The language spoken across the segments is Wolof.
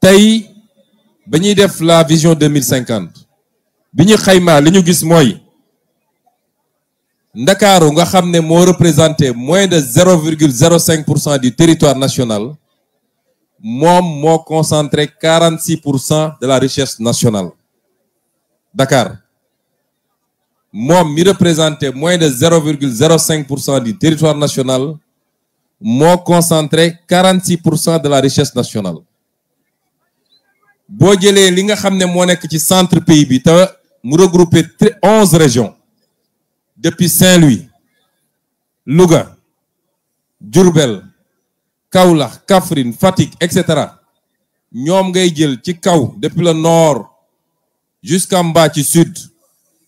tay ba la vision 2050. mille cinquante liñu Dakar, gis nga moins de 0,05% du territoire national mom mo concentré 46% de la richesse nationale Dakar je mi représenté moins de 0,05% du territoire national moi, concentré 46% de la richesse nationale si vous li nga centre pays bi te regroupé 11 régions depuis Saint-Louis Louga Diourbel Kaolack Kaffrine Fatik, etc. Nous avons ngay depuis le nord jusqu'en bas du sud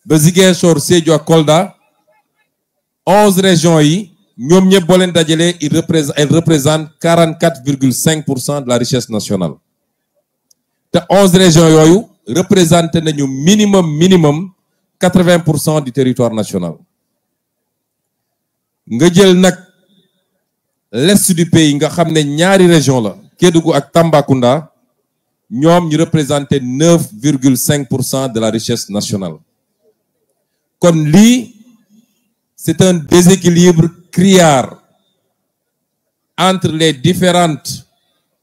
ba onze régions yi ñoom ñëpp elles représentent 44,5% de la richesse nationale les 11 régions yoyu représentent minimum minimum 80% du territoire national l'est du pays nga xam ñaari région la Kédougou ak Kunda ñoom ñu de la richesse nationale Comme lui, c'est un déséquilibre criard entre les différentes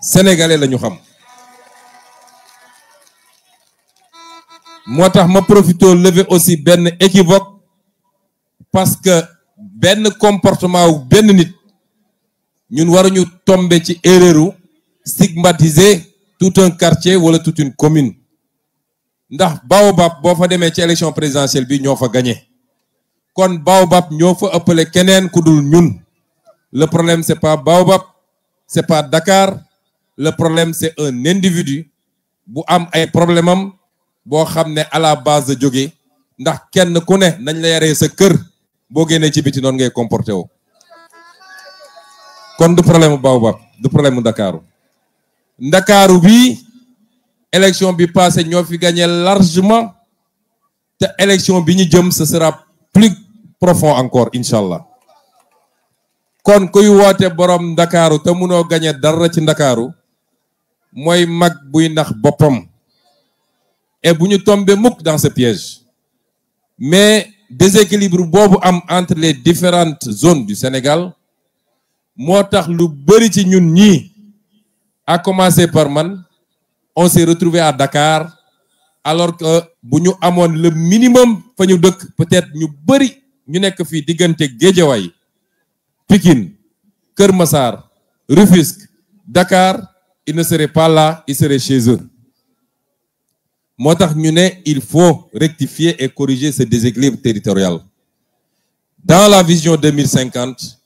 sénégalais nous xam Moi, tax ma profito lever aussi Ben équivoque parce que Ben comportement Ben nit ñun waruñu tomber ci erreuru stigmatiser tout un quartier wala toute une commune ndax Baobab bo fa démé ci élection présidentielle bi ñoo fa gagné kon Baobab ñoo fa ëppale kenen ku ñun le problème c'est pas Baobab c'est pas Dakar le problème c'est un individu bu am ay problème bo xamné à la base djogé ndax kenn ku ne nañ la yaree sa kër bo génné ci biti non ngay comporté woo kon du problème mu Baobab du problème Dakar. Dakar. Dakar, bi élection bi passé ño fi gagné largement té élection bi ñu jëm ce sera plus profond encore inshallah kon kuy woté borom Dakar, té mëno gagné dara ci dakarou moy mag buy nax bopam et buñu tomber tombe dans ce piège mais déséquilibre entre les différentes zones du Sénégal motax lu ci ñun par man on s'est retrouvé à Dakar alors que buñu nous le minimum fa peut-être ñu ñu Pikine Rufisque Dakar ils ne seraient pas là, ils seraient chez eux. Moi, il faut rectifier et corriger ce déséquilibre territorial dans la vision 2050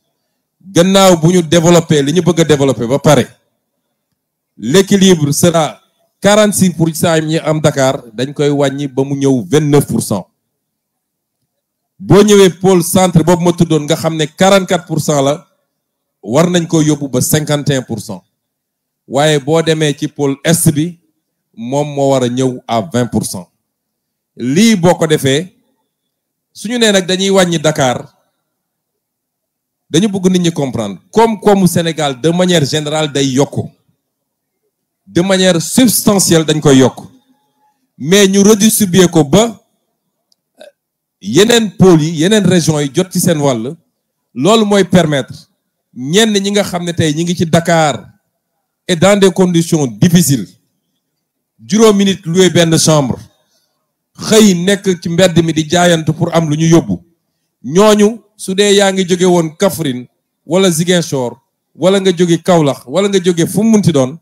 gannaaw bu développer développer l'équilibre sera 46 pour Dakar 29 pour nous pôle centre 44 pour 51 waye bo demee ci pôle est bi mom mo wara ñew à 20% li boko défé suñu né nak dañuy wañi Dakar dañu bëgg nit ñi comprendre comme comme Sénégal de manière générale day yokku de manière substantielle dañ koy yokku mais ñu redistribuer ko ba yenen pôles yi yenen région yi jot ci sen wall lool moy permettre ñenn ñi nga xamné tay ñi ngi ci Dakar dans des conditions difficiles juróomi minute, bien de chambre Xey nek ci mbedd mi di jaayant pour am lu ñu nous ñooñu su dee yaa ngi jóge woon Kaffrine wala Ziguinchor wala nga jóge Kaolack wala nga jóge fu munti doon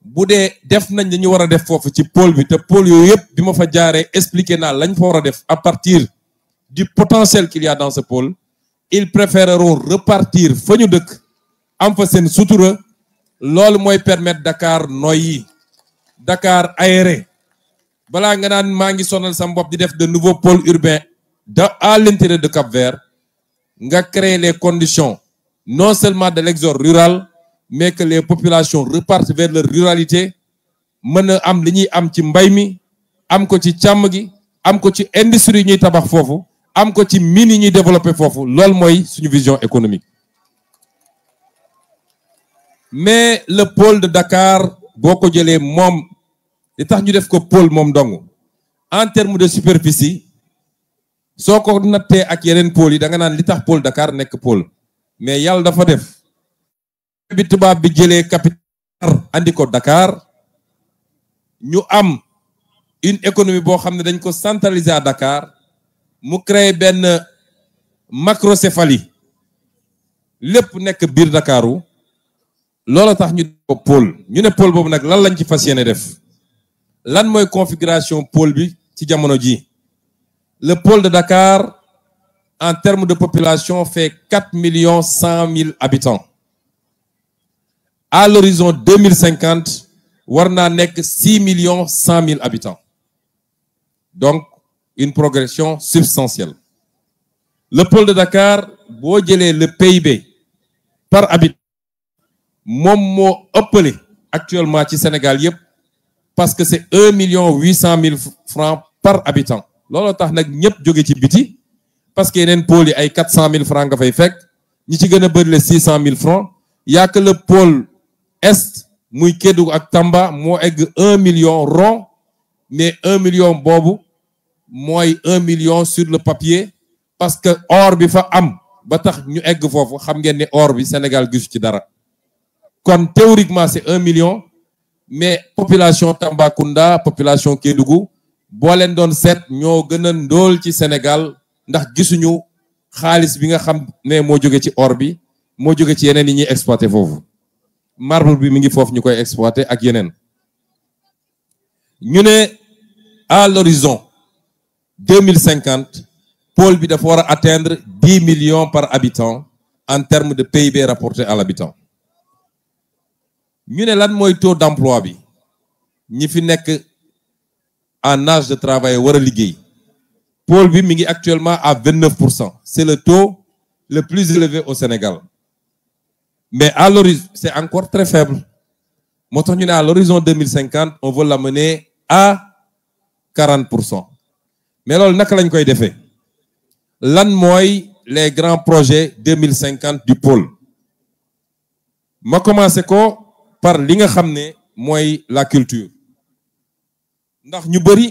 bu def nañ a def pôle bi pôle expliqué lañ def à partir du potentiel qu'il y a dans ce pôle ils préféreront repartir fa dëkk am fa seen loolu mooy permettre Dakar noyyi Dakar aéré balaa nga naan maa ngi sonal di de nouveaux pôles urbains da à l'intérieur de Cap-Vert nga créer les conditions non seulement de l'exode rural mais que les populations repartent vers leur ruralité mën a am li ñuy am ci mbay mi am ko ci càmm gi am ko ci industrie tabax am ko ci développé foofu loolu suñu vision économique mais le pôle de Dakar boko de mom moom li tax ñu def ko pôle mom dong en terme de superficie so coordonnée à ak yeneen pôle yi da nga pôle Dakar nekk pôle mais yàlla dafa def capitale, tubaab bi jele capital andiko Dakar ñu am une économie bo xam dañ ko centraliser à Dakar mu créer ben macrocéphalie lepp nek biir Dakarou lolo tax ñu pôle ñu né pôle bobu configuration pôle bi ci le pôle de dakar en termes de population fait 4 millions 100 000 habitants à l'horizon 2050 warna nek 6 millions 100 000 habitants donc une progression substantielle le pôle de dakar le PIB par habitant mon mot actuellement ci Sénégal parce que c'est un million huit mille francs par habitant lolo tax nak ñëpp ci biti parce que yenen pôle ay quatre cent mille francs nga fay fekk ñi ci a six cent mille francs y'a que le pôle est muy ak un million rond mais un million bobu un million sur le papier parce que or bi am ba Sénégal comme théoriquement c'est 1 million, mais population Tambacounda, population Kédougou, Boalen donne 7, nous avons gagné dol qui Sénégal, nous avons gagné nous avons gagné Orbi, nous avons gagné Nini exploité Fofu. Marble bi mi ngi fofu ñukoy exploiter ak yenen ñune à l'horizon 2050 Paul bi dafa wara atteindre 10 millions par habitant en termes de PIB rapporté à l'habitant nous avons lan taux d'emploi bi ñi fi nekk en âge de travail Le pôle bi actuellement à 29%. c'est le taux le plus élevé au Sénégal mais à l'horizon c'est encore très faible moo tax à l'horizon 2050, on veut l'amener à 40%. mais loolu naka lañ koy defee lan mooy les grands projets 2050 du pôle ma commencé ko par li nga xamné moy la culture ndax ñu bëri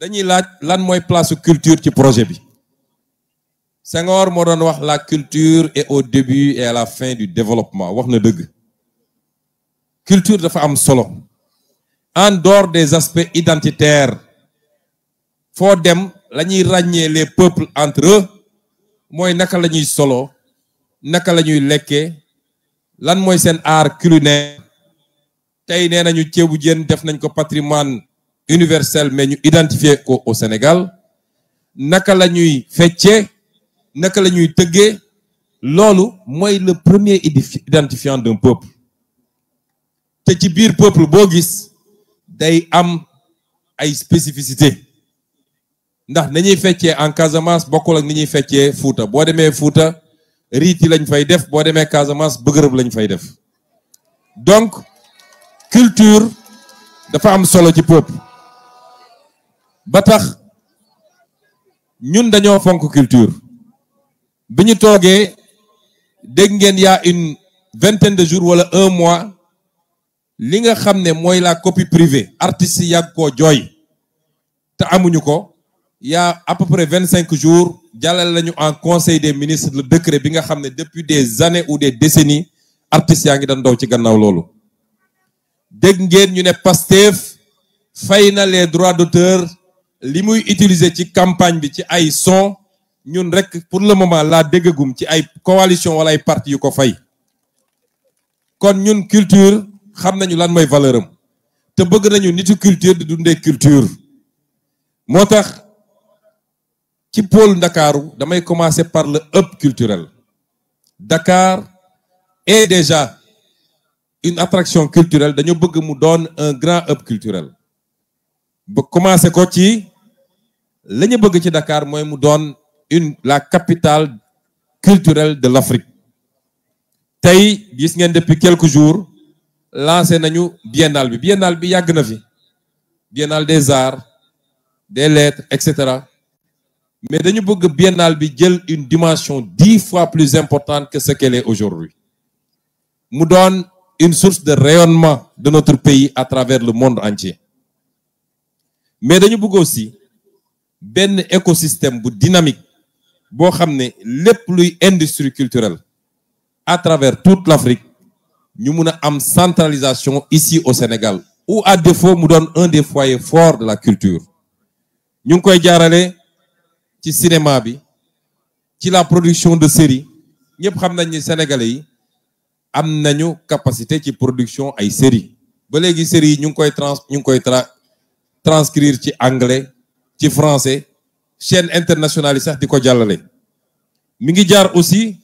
dañuy laaj lan moy place culture ci projet bi Senghor mo doon wax la culture est au début et à la fin du développement wax na culture dafa am solo en dehors des aspects identitaires fo dem que ragné les peuples entre eux nous naka lañuy solo naka sommes ñuy lan moy sen art culinaire tay nee nañu ceebu jën def nañ ko patrimoine universel mais ñu identifier ko au Sénégal naka lañuy ñuy naka lañuy ñuy lolu moy le premier identifiant d'un peuple te ci bir peuple bogis, gis day am ay spécificité ndax nañuy ñuy en Casamance boko ak ni ñuy feccee fouta boo Fouta riti yi lañ fay def bo demee Casamance bëgërëb lañ fay def donc culture dafa am solo ci pop ba tax ñun dañoo fonk culture bi ñu toogee dégg ngeen yaa une vingtaine de jours wala un mois li nga xam ne mooy la copie privée artiste yi yàgg koo jooy te amuñu ko yaa à peu près vingt cinq jours jàllale lañu en conseil des ministres le décret bi nga depuis des années ou des décennies artistes yaa ngi doon daw ci gannaaw lolu dégg ngeen ñu ne Pastef fay na les droits d'auteur li muy utiliser ci campagne bi ci ay son ñun rek pour le moment la déggagum ci ay coalition wala ay parti yu ko fay kon ñun culture xam nañu lan moy valeur te bëgg nañu nitu culture di dundee culture motax le pôle je vais commencer par le hub culturel Dakar est déjà une attraction culturelle Nous bëgg mu donne un grand hub culturel ba commencer ko ci la Dakar nous donne la capitale culturelle de l'Afrique Aujourd'hui, gis depuis quelques jours lancé nañu biennale bi biennale bi yàgg na fi biennale des arts des lettres etc., mais nous bëgg une dimension dix fois plus importante que ce qu'elle est aujourd'hui Nous donne une source de rayonnement de notre pays à travers le monde entier mais nous bëgg aussi ben écosystème dynamique pour amener les plus industries culturelles à travers toute l'Afrique Nous avons centralisation ici au Sénégal ou à défaut nous donne un des foyers forts de la culture Nous ci cinéma bi ci la production de série nous avons nañ ni sénégalais yi am capacité ci production ay série ba légui série yi ñu koy trans ñu koy tra transcrire ci anglais ci français chaîne internationale ça, sax diko jallalé mi ngi jaar aussi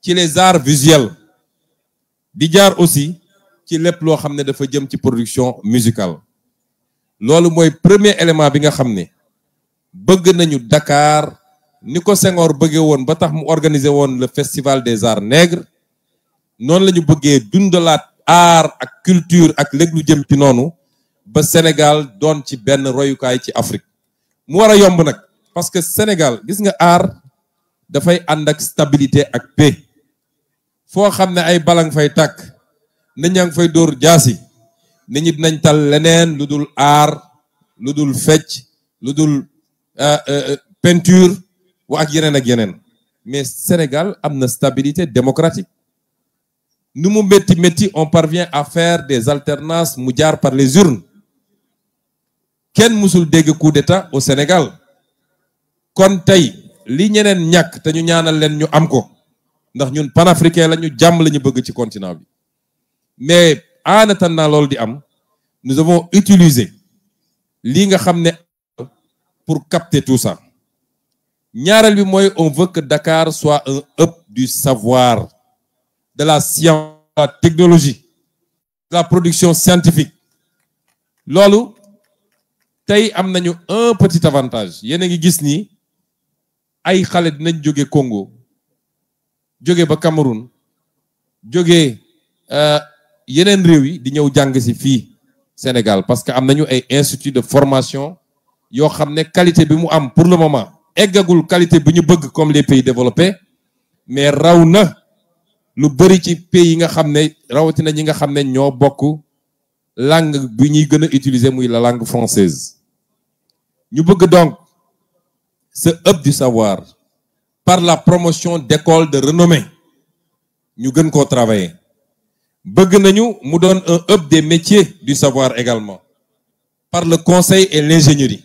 ci les arts visuels di jaar aussi ci lepp lo xamné dafa jëm ci production musicale lolu moy premier élément bi nga xamné bëgg nañu Dakar ni ko Senghor bëggee woon ba tax mu organiser woon la festival des arts nègres noonu lañu bëggee dundalaat art ak culture ak léeg lu jëm ci noonu ba Sénégal doon ci benn royukaay ci Afrique mu war a yomb nag parce que Sénégal gis nga art dafay ànd ak stabilité ak paix foo xam ne ay balang fay tàkk nit ñaa ngi fay dóor jaasi nit ñi dinañ tal leneen lu dul aar lu dul fecc lu dul Euh, euh, euh, peinture ou ak yenen ak yenen mais Sénégal amna stabilité démocratique Nous, mu metti métti on parvient à faire des alternances mu jaar par les urnes Quel musul dégg coup d'état au Sénégal kon tay li ñenen ñak té ñu ñaanal leen ñu am ko ndax ñun panafricain lañu jamm lañu bëgg ci continent bi mais en attendant lol di am nous avons utilisé li nga xamné pour capter tout ça on veut que Dakar soit un hub du savoir de la science de la technologie de la production scientifique Lolo, un petit avantage ngi ay Congo ba Cameroun euh yeneen Sénégal parce que am institut de formation yo xamné qualité bi mu am pour le moment eggagul qualité bi ñu bëgg comme les pays développés mais rawna lu bëri ci pays yi nga xamné ñi nga xamné ño langue bi ñuy gëna utiliser muy la langue française ñu bëgg donc ce hub du savoir par la promotion d'écoles de renommée ñu gën ko travailler bëgg nañu mu doon un hub des métiers du savoir également par le conseil et l'ingénierie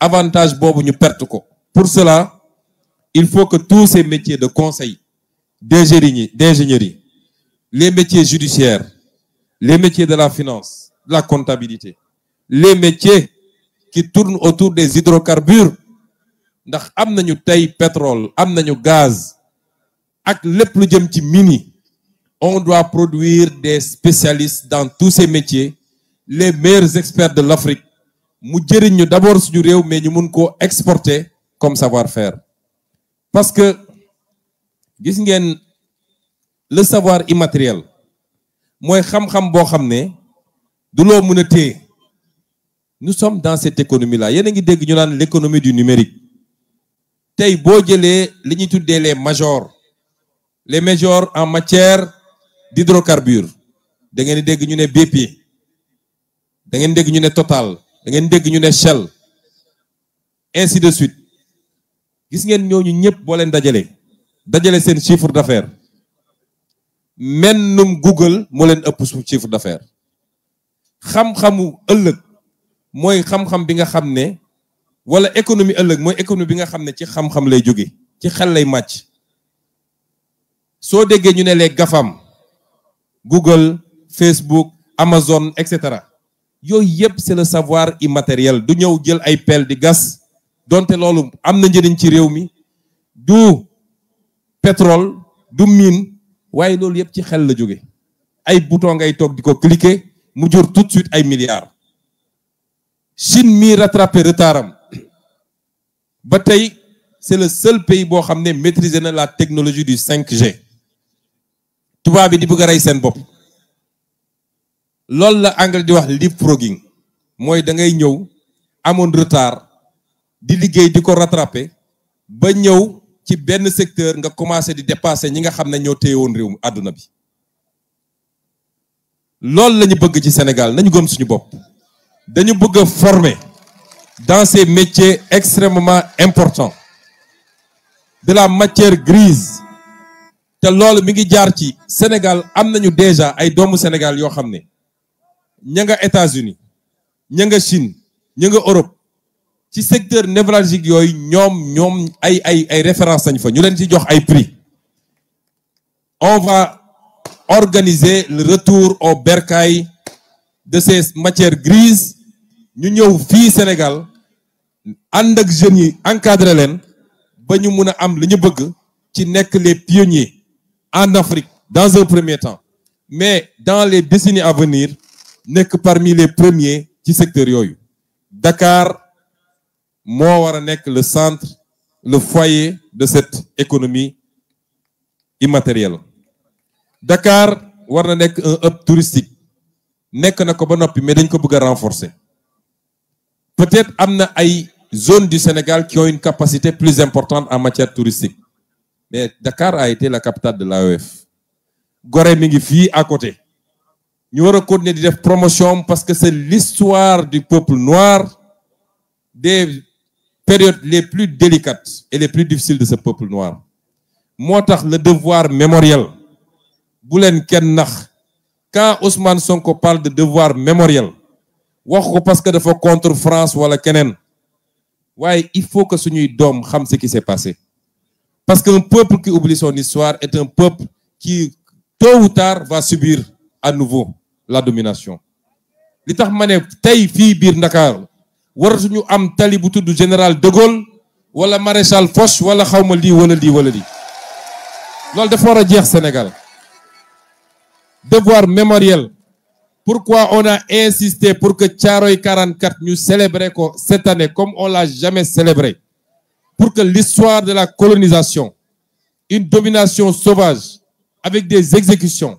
avantage pour cela il faut que tous ces métiers de conseil d'ingénierie les métiers judiciaires les métiers de la finance de la comptabilité les métiers qui tournent autour des hydrocarbures ndax am pétrole am gaz ak le lu jëm mini on doit produire des spécialistes dans tous ces métiers les meilleurs experts de l'Afrique mu jëriñ d'abord suñu réew mais ñu mun exporter comme savoir-faire parce que gis ngeen le savoir immatériel mooy xam-xam boo xam nous sommes dans cette économie là yéen a ngi dégg ñu l'économie du numérique tey boo jëlee li ñuy les majors les majors en matière d'hydrocarbures da dégg ñu BP da ngeen dégg Total da ngeen dégg Shell ainsi de suite gis ngeen ñooñu ñëpp boo leen dajale dajale chiffre d'affaires mennum Google molen leen chiffre d'affaires xam-xamu ëllëg mooy xam-xam bi nga wala économie ëllëg mooy économie bi nga ne ci xam-xam lay ci xel lay les GAFAM Google Facebook Amazon etc., yooyu c'est le savoir immatériel du ñëw jël ay pelle di gas donte loolu am na njëriñ ci réew mi du pétrole du mine waaye loolu yëpp ci xel la jóge ay bouton ngay toog di cliquer mu tout de suite ay milliards Chine mii rattrapé retardam ba tey c'est le seul pays boo xam maîtriser na la technologie du 5G tubaab bi di bëgg a rey seen loolu la anglais di wax leapfrogging mooy da ngay ñëw amoon retard di liggéey di ko rattraper ba ñëw ci benn secteur nga commencé di dépasser ñi nga xam ne ñoo téye woon réew mi àdduna bi loolu la bëgg ci Sénégal nañu gëm suñu bopp dañu bëgg a former dans ces métiers extrêmement important de la matière grise te loolu mi ngi jaar ci Sénégal am nañu déjà ay doomu Sénégal yoo xam ne les nga États-Unis les Chine les nga Europe ci secteur névralgique yooyu ñoom des ay ay ay référence prix on va organiser le retour au bercail de ces matières grises ñu ñëw fii Sénégal nous avons jeunes yi encadré ba ñu am les pionniers en Afrique dans un premier temps mais dans les décennies à venir n'est que parmi les premiers qui secteur yooyu Dakar moi, wara nek le centre le foyer de cette économie immatérielle Dakar wara nek un hub touristique nek nako ba nopi mais dañ ko bëgg renforcer peut-être amna ay zones du Sénégal qui ont une capacité plus importante en matière touristique mais Dakar a été la capitale de l'AEF goré mi à côté nous reconnaissons a promotion parce que c'est l'histoire du peuple noir des périodes les plus délicates et les plus difficiles de ce peuple noir Moi, le devoir mémoriel quand Ousmane Sonko parle de devoir mémoriel parce que dafa contre France ou la il faut que suñuy doom xam ce qui s'est passé parce qu'un peuple qui oublie son histoire est un peuple qui tôt ou tard va subir à nouveau la domination li tax ma ne tey fii biir Ndakaar waratuñu am tali bu du général de Gaulle wala maréchal Foch wala xawma li wala di, wala lii Lol dafa war jeex Sénégal devoir mémoriel pourquoi on a insisté pour que Thiaroye 44 nous célébrer ko cette année comme on l'a jamais célébré pour que l'histoire de la colonisation une domination sauvage avec des exécutions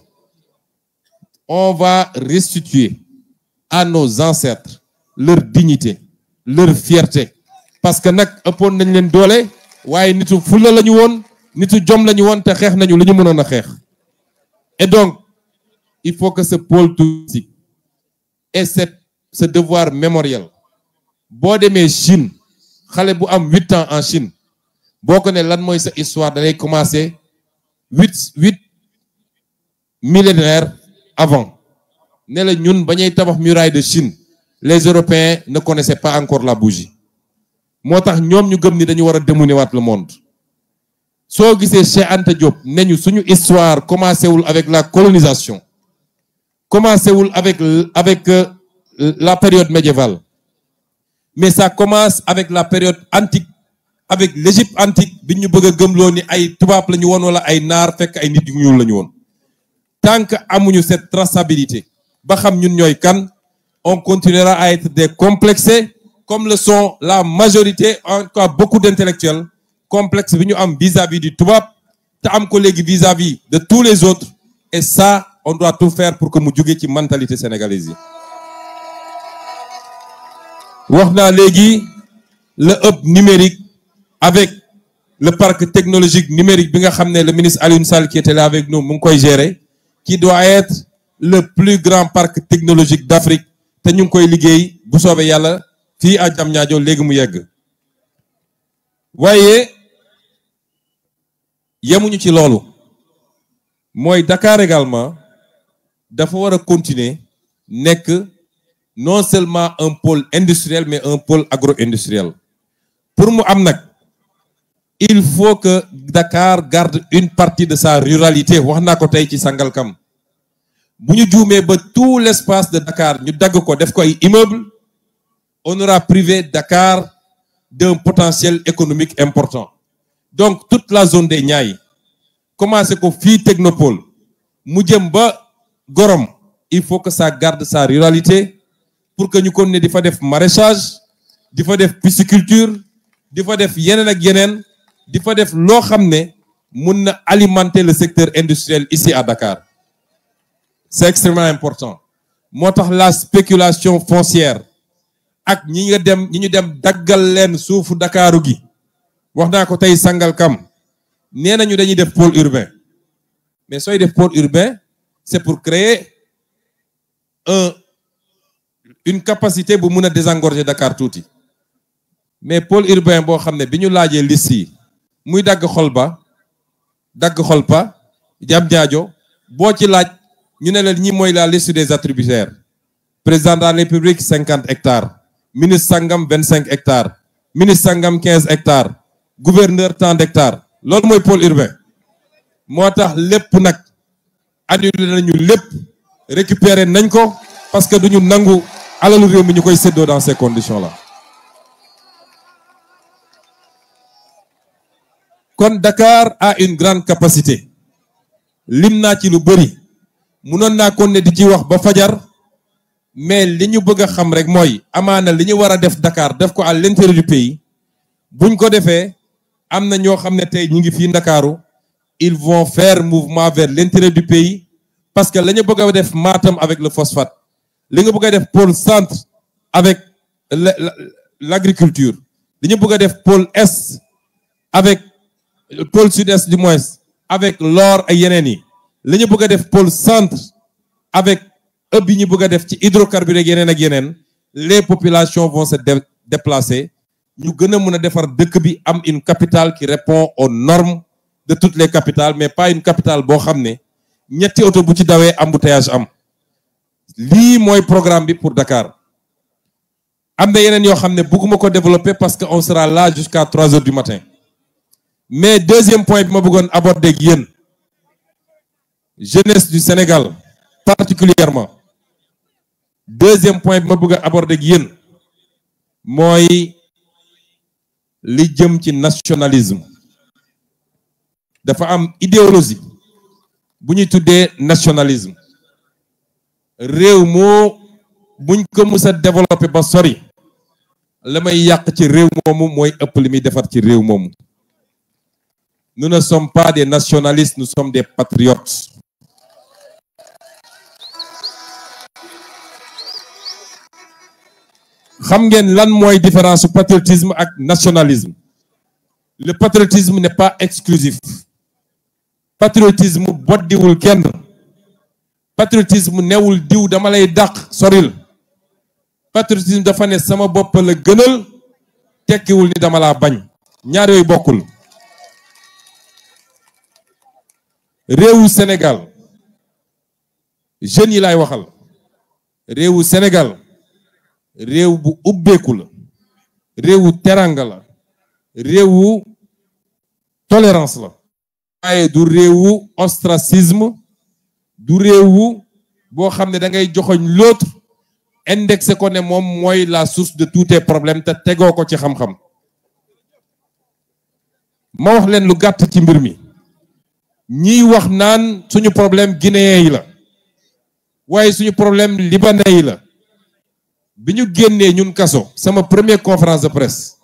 on va restituer à nos ancêtres leur dignité leur fierté parce que nous ëppoon nañ leen doole waaye nitu fulla la ñu nitu jom la ñu woon te xeex nañu li et donc il faut que ce pôle touristique et ce devoir mémoriel boo demee Chine xale bu am 8 ans en Chine boko ko ne lan moy sa histoire da commencer 8 millénaires avant ne la ñun ba tabax muraille de Chine les Européens ne connaissaient pas encore la bougie moo tax ñoom ñu gëm ni dañu war a waat le monde soo gisee Cheikh Anta Diop ne ñu suñu histoire commencé avec la colonisation commencé wul avec avec euh, la période médiévale mais ça commence avec la période antique avec l'Égypte antique bi ñu bëgg ni ay tubaab la ñu woon wala ay naar fekk ay nit yu ñuul tant qu'on a cette traçabilité on continuera à être des comme le sont la majorité encore beaucoup d'intellectuels complexes vis-à-vis du tubaab ta am vis-à-vis de tous les autres et ça on doit tout faire pour que nous ayons une mentalité sénégalaise Voilà le hub numérique avec le parc technologique numérique le ministre Alioune Sal, qui était là avec nous mu géré qui doit être le plus grand parc technologique d'Afrique vous ñu ngi koy liggéey bu soobee yàlla fii à Diamniadio léegi mu yegg waaye yemuñu ci loolu Moi, Dakar également il faut continuer non seulement un pôle industriel mais un pôle agro-industriel pour moi, il faut que Dakar garde une partie de sa ruralité Si nous ko tout l'espace de Dakar nous avons ko immeuble on aura privé Dakar d'un potentiel économique important donc toute la zone des comment c'est ko fait technopole Gorom il faut que ça garde sa ruralité pour que nous connaissions des fois des def des fois des def pisciculture di fa def il faut def loo xam alimenter le secteur industriel ici à Dakar c'est extrêmement important la spéculation foncière ak ñi des dem ñi ñu dem daggal leen suufu Dakaaru gi wax naa ko tey Sangalkam nee nañu dañuy def mais des pôles urbains, c'est pour créer une capacité pour désengorger Dakar mais pôle urbain urbains, nous avons bi ñu muy dagg xol ba dagg xol pa jam jaajo boo ci laaj ñu ne leen ñi mooy la liste des attributaires président de la république cinquante hectares ministre sangam vingt cinq hectares ministre sangam quinze hectares gouverneur tant hectares loolu mooy pôle urbain moo tax lépp nag annulé nañu lépp récupéré nañ ko parce que duñu nangu alalu réew mi ñu koy seddoo dans ces conditions là kon Dakar a une grande capacité Limna ci lu beuri. munoon naa kon di ci wax ba fajar mais liñu bëgg xam rek moy amana liñu wara def Dakar def ko à l'intérieur du pays buñ ko défé amna ño xamné tay ngi ils vont faire mouvement vers l'intérieur du pays parce que la bëgg def Matam avec le phosphate li nga bëgg def pôle centre avec l'agriculture li bëgg def pôle est avec pôle sud-est du moins avec l'or et Yéneni. yi ñu pôle centre avec ëpp yi ñu bëgg hydrocarbures les populations vont se déplacer Nous gën faire de a am une capitale qui répond aux normes de toutes les capitales mais pas une capitale boo xam ne ñetti oto bu ci dawee embouteillage am lii mooy programme pour Dakar am avons yeneen yoo xam ne bëgguma développer parce que on sera là jusqu'à 3 heures du matin mais deuxième point que ma bëggoon aborder ak vous, jeunesse du Sénégal particulièrement deuxième point que ma bëgg aborder ak vous, c'est li jëm ci nationalisme dafa am idéologie Nous, ñuy tuddee nationalisme réew buñ ko mësa développer ba sori lamay may ci réew momu moy ëpp limi muy ci réew momu nous ne sommes pas des nationalistes, nous sommes des patriotes. Khamgen, ngeen moy difference différence patriotisme ak nationalisme le patriotisme n'est pas exclusif patriotisme boddiwul kenn patriotisme newul diw dama lay soril patriotisme dafa ne sama bopp la gënal tekkiwul ni dama laa bañ ñaar yooyu bokul. réewu Sénégal jeune yi lay waxal réewu Sénégal réew bu ubbeeku la réewu la réewu tolérance la waaye du réewu ostracisme du réewu boo xam ne da ngay joxoñ l'autre indexé ko ne moom la source de tous tes problèmes te tegoo ko ci xam-xam ma wax leen lu gàtt ci ñi wax naan suñu problème guinéen yi la waaye suñu problème libanais yi la bi ñu ñun kaso sama première conférence de presse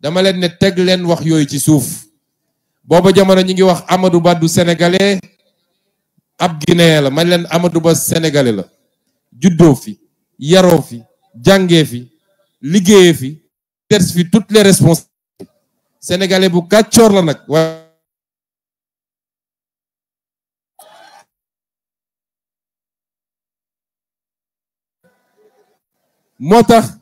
dama leen ne teg leen wax yooyu ci suuf booba jamono ñi ngi wax Amadou Ba du sénégalais ab guinéen la man leen Amadou Ba sénégalais la juddoo fi yaroo fi jàngee fi liggéeyee fi ters fi toutes les responsabilités sénégalais bu kàccoor la nag waaye moo tax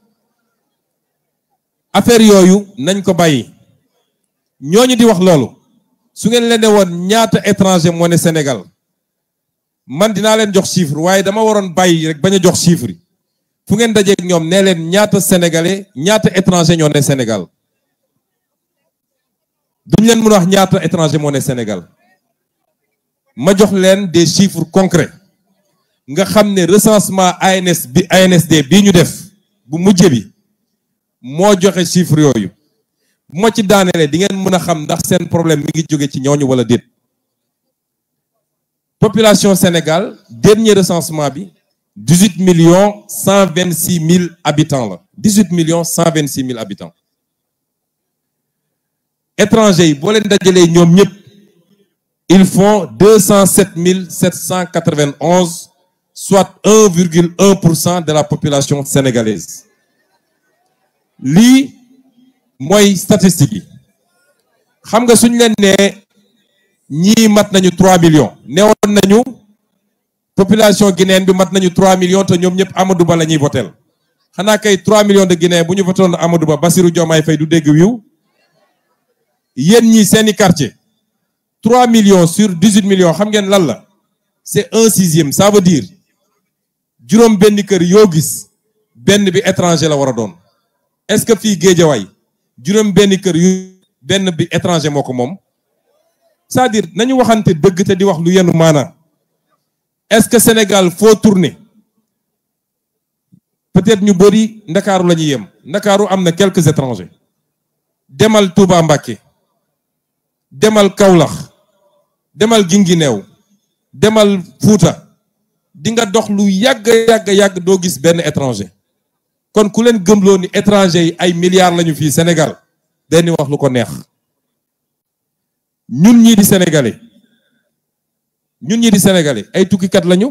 affaire yooyu nañ ko bàyyi ñu di wax loolu su ngeen leen ne woon ñaata étranger moo ne Sénégal man dinaa leen jox chiffre waaye dama waroon bàyyi rek bañ a jox chiffre fu ngeen dajeeg ñoom nee leen ñaata sénégalais ñaata étranger ñoo ne Sénégal duñ leen mën a wax ñaata étranger moo ne Sénégal ma jox leen des chiffres concrets nga xam ne recensement ANS bi ANSD bii ñu def bu mujjé bi mo joxé chiffre yoyu bu ma ci daané di ngeen mëna xam ndax sen problème mi ngi joggé ci ñooñu wala dit population sénégal dernier recensement bi 18 millions 126 000 habitants 18 millions 126 000 habitants étrangers bo len dajalé ñom ñep ils font 207 791 soit 1,1% de la population sénégalaise Li, mooy statistique xam nga suñ len né ñi mat nañu 3 millions won nañu population guinéenne bi mat nañu 3 millions te ñom ñep Amadou Ba lañuy votel kay 3 millions de Guinéens buñu ñu Amadou Ba Bassirou Diomaye Fay du dégg wiw yéen ñi quartier 3 millions sur 18 millions xam ngeen lan la c'est un sixième ça veut dire juróom benn kër yo gis benn bi étranger la wara don est-ce que fii géejawaay juróom benn kër yu benn bi étranger moko mom c'est-à-dire nañu waxante deug te di wax lu yenu mana est-ce que Sénégal faut tourner peut-être ñu bëri ndakaaru la yem ndakaaru am quelques étrangers demal Touba Mbacké demal Kaolack demal Guinguinéo demal Fouta di nga dox lu yag yag yag do gis ben étranger kon ku len gëmloo ni étranger ay milliards lañu fi Sénégal dañuy wax lu ko neex ñun ñi di sénégalais ñun ñi di sénégalais ay kat lañu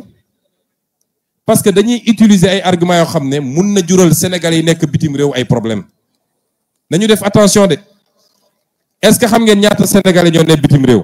parce que dañuy utiliser ay arguments yo xamné mën na jural sénégalais yi nekk bitim rew ay problème nañu def attention de est-ce que xam ngeen ñaata sénégalais ñoo ne bitim rew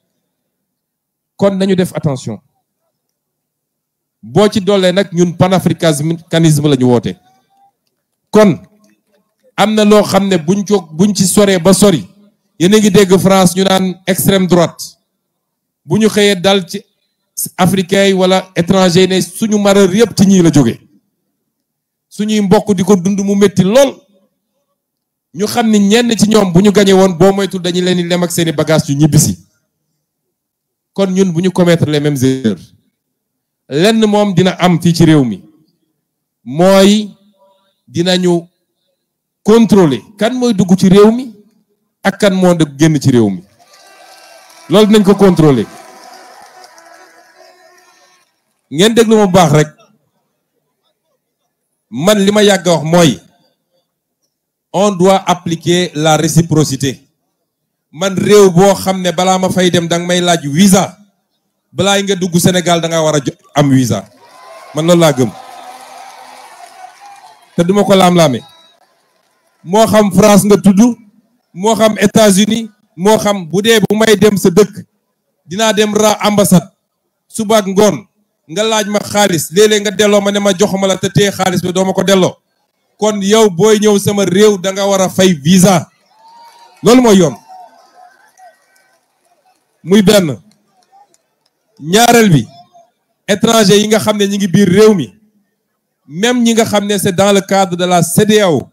kon nañu def attention bo ci dolé nak ñun panafricanisme lañu woté kon amna lo xamné ne buñ ci buñ ci soré ba sori yene ngi dégg France ñu naan extrême droite buñu xeyé dal ci africain wala étranger ne suñu maral yëpp ci ñi la joggé suñu mbokk diko dund mu metti lol ñu xamni ni ñenn ci ñom buñu gagné won bo moytu dañu leni lem ak seeni bagage kon ñun bu ñu commettre les mêmes erreurs lenn moom dina am fii ci réew mi mooy dinañu contrôler kan mooy dugg ci réew mi ak kan moo dëgg génn ci réew mi loolu dinañ ko contrôler ngeen déglu mu baax rek man li ma yàgg wax mooy on doit appliquer la réciprocité man rew bo xamne ne ma fay dem dang may laaj visa bala nga dugg Senegal da nga wara am visa man lo la gem te duma ko lam lamé mo xam France nga tuddu mo xam États-Unis mo xam budé bu may dem sa dëkk dina dem ra ambassade suba ngon nga laaj ma khalis léeg nga delloo ma ne ma joxuma la te te khalis bi do ma ko kon yow boy ñew sama rew da nga wara fay visa loolu mo yoon muy ben ñaaral bi étranger yi nga xamné ñi ngi biir réew mi même ñi nga xamné c'est dans le cadre de la CDAO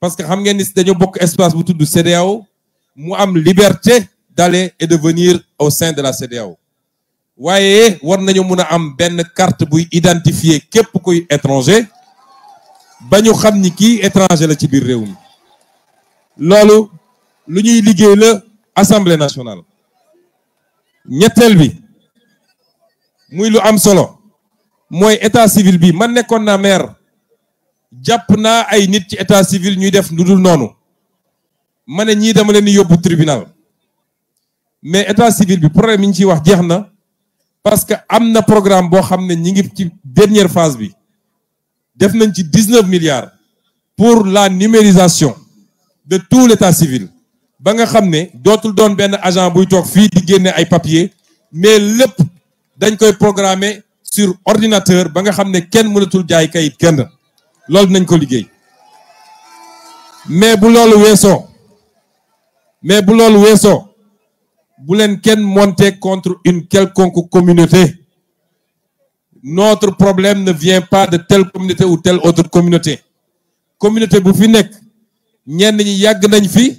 parce que nous avons ni d'espace bokk espace bu tuddu nous mu am liberté d'aller et de venir au sein de la CDAO waaye war nañu mëna am carte pour identifier képp kuy étranger Pour ñu xam ni étranger la ci biir réew mi loolu lu ñuy liggéey Assemblée nationale ñetteel bi muy lu am solo mooy état civil bi man nekkoon naa maire jàpp naa ay nit ci état civil ñuy def lu dul noonu ma ne ñii dama leen di yóbbu tribunal mais état civil bi problème yi ñu ciy wax jeex na parce que am na programme boo xam ne ñi ngi ci dernière phase bi def nañ ci 19 milliards pour la numérisation de tout l'état civil ba nga xamné ne dootul doon ben agent buy tok fi di génne ay papier mais lepp dañ koy programmer sur ordinateur ba nga xamné ne kenn mënatul jaay kayit kenn loolu nañ ko liggéey mais bu loolu wesso mais bu loolu wesso bu len kenn monter contre une quelconque communauté notre problème ne vient pas de telle communauté ou telle autre communauté communauté bu fi nek ñenn ñi yag nañ fi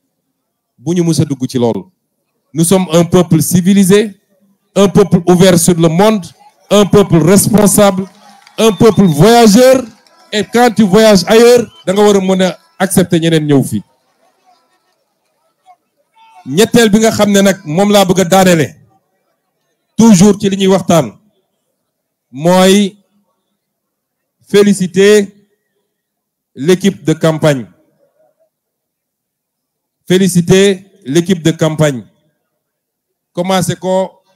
nous sommes un peuple civilisé un peuple ouvert sur le monde un peuple responsable un peuple voyageur et quand tu voyages ailleurs tu nga war a accepter ñeneen ñëw fii ñetteel bi nga xamné nak mom la bëgg je toujours ci li waxtaan féliciter l'équipe de campagne féliciter l'équipe de campagne. Commencez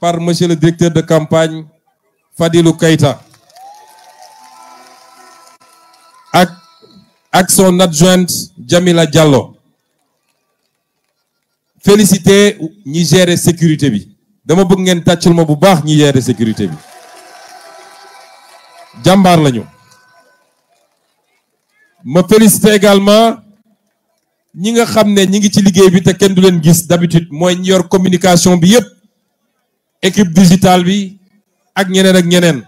par monsieur le directeur de campagne, Fadilou Keita. Avec son adjointe, Jamila Diallo. Féliciter Niger et sécurité Je dama bëgg ngeen tàccul vous bu baax ñi sécurité Je jàmbaar lañu. féliciter également. ñi nga xam ne ñi ngi ci liggéey bi te kenn du leen gis d'habitude mooy ñi yor communication bi yépp équipe digitale bi ak ñeneen ak ñeneen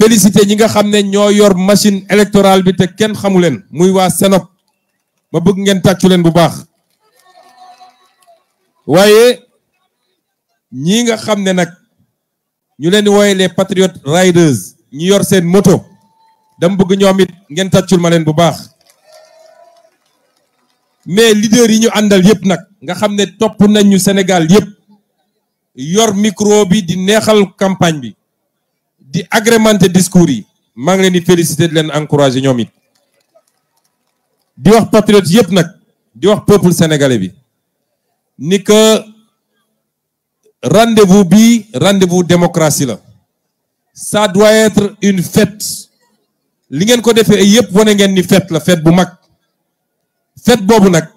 félicité ñi nga xam ne ñoo yor machine électorale bi te kenn xamu leen muy waa Senop ma bëgg ngeen tàccu leen bu baax waaye ñi nga xam ne nag ñu leen di wooye les patriotes riders ñi yor seen moto dama bëgg ñoom it ngeen tàccul ma leen bu baax mais leader yi ñu andal yépp nga ne topp Sénégal yépp yor micro bi di neexal campagne bi di agrémenter discours yi maa ngi leen féliciter di encourager ñoom it. di wax di sénégalais bi ni que rendez-vous bi rendez-vous démocratie la. ça doit être une fête li ngeen ko fête la fête fête bon nak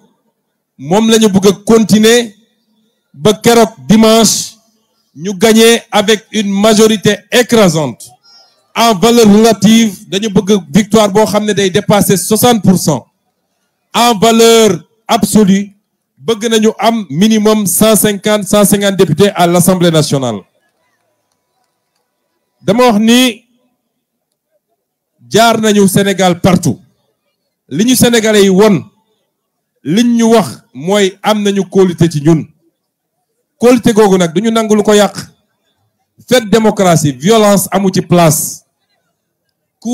mom lañu bëgg continuer dimanche ñu gagné avec une majorité écrasante en valeur relative Nous bëgg victoire dépasser 60 en valeur absolue bëgg nañu am minimum 150 150 députés à l'Assemblée nationale dama wax ni jaar nañu Sénégal partout li sénégalais yi wax mooy am nañu ci ñun qualité googu nag duñu ko démocratie violence amu ci place ku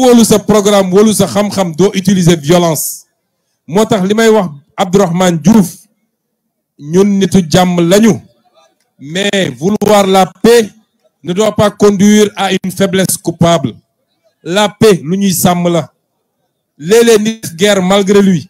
programme wolu sa xam utiliser violence wax Diouf ñun mais vouloir la paix ne doit pas conduire à une faiblesse coupable la paix lu ñuy la guerre malgré lui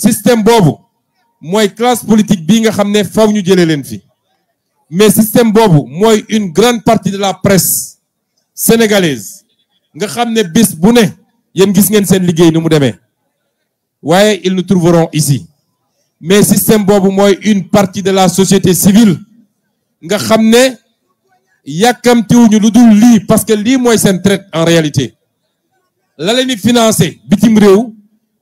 système bobu moy classe politique binga, nga xamné ne faw ñu jëlé len fi mais système bobu moy une grande partie de la presse sénégalaise nga xamné bis bu né yeen gis ngeen sen liggéey ni mu démé waye ils nous trouveront ici mais système bobu moy une partie de la société civile nga xamné yakamti wuñu lu li parce que li moy sen traite en réalité la leen financé bitim réew